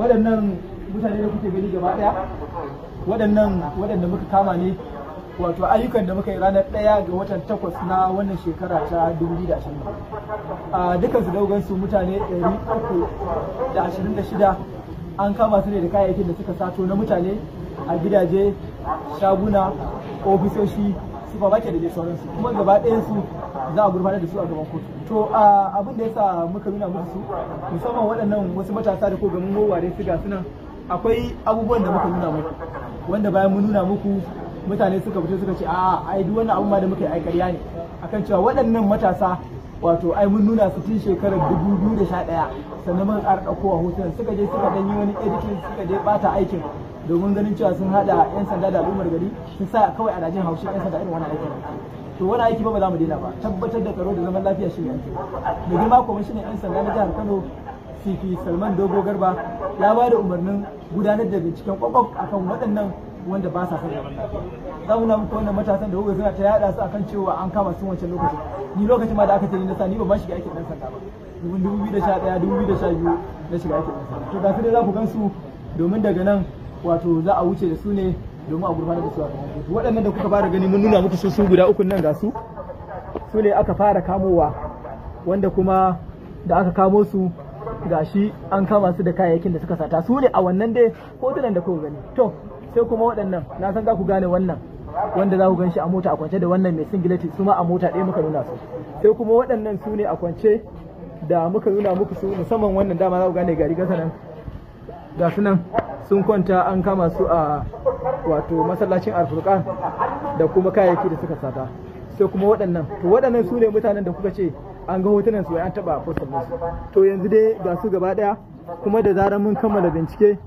waɗannan mutane da kuke gani gaba ɗaya waɗannan waɗanda muka kama ne wato ayyukan da muka yi ranar ɗaya ga watan takwas na wannan shekara ta 2020 a dukkan su daugan su mutane 326 an kama su ne da kayayyakin da suka sato na mutane a gidaje shaguna ofisoshi ba supermarket da dai sauransu kuma gaba ɗayan su za a gurfanar da su a gaban kotu to abin da yasa muka nuna musu su musamman waɗannan wasu matasa da ko gamin gowa dai su suna akwai abubuwan da muka nuna muku wanda bayan mun nuna muku mutane suka fito suka ce a'a ai duk wannan abun ma da muka yi ai ƙarya ne akan cewa waɗannan matasa wato ai mun nuna su tun shekarar 2011 sannan mun ƙara ɗaukowa hotunan suka je suka ɗanyi wani editing suka je ɓata aikin domin ganin cewa sun hada yan sanda da al'ummar gari sun sa kawai ana jin haushin yan sanda irin wani aiki to wani aiki ba ba za mu daina ba tabbatar da tsaro da zaman lafiya shi ne da girma ne yan sanda na jihar kano cp salman dogo garba ya ba da umarnin gudanar da binciken kwakwaf akan waɗannan wanda ba sa sanya zaman lafiya za mu na muku wannan matasan da hukumar suna ta yada su akan cewa an kama sun wancan lokacin ni lokacin ma da aka ce ni na sa ni ba ma shiga aikin dan sanda ba domin sha biyu na shiga aikin dan sanda to ga su dai za ku gan su domin daga nan wato za a wuce da su ne domin a gurfanar da su a waɗannan da kuka fara gani mun nuna muku su su guda uku nan ga su su ne aka fara kamowa wanda kuma da aka kamo su gashi an kama su da kayayyakin da suka sata su ne a wannan dai hotunan da kuka gani to sai kuma waɗannan na san za ku gane wannan wanda za ku gan shi a mota a kwance da wannan mai singileti su ma a mota ɗaya muka nuna su sai kuma waɗannan su ne a kwance da muka nuna muku su musamman wannan dama za ku gane gari gasa nan ga nan sun kwanta an kama su a wato masallacin alfurkan da kuma kayayyaki da suka sata sai kuma waɗannan to waɗannan su ne mutanen da kuka ce an ga hotunan su an taɓa postal to yanzu dai ga su gaba ɗaya kuma da zarar mun kammala bincike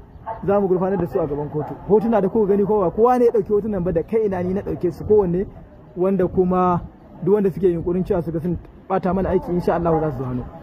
za mu gurfanar da su a gaban kotu hotuna da kuka gani kowa kowa ne ya ɗauki hotunan ba da kai ina ni na dauke su kowanne wanda kuma duk wanda suke yunkurin cewa su ga sun bata mana aiki insha Allah za su zo hannu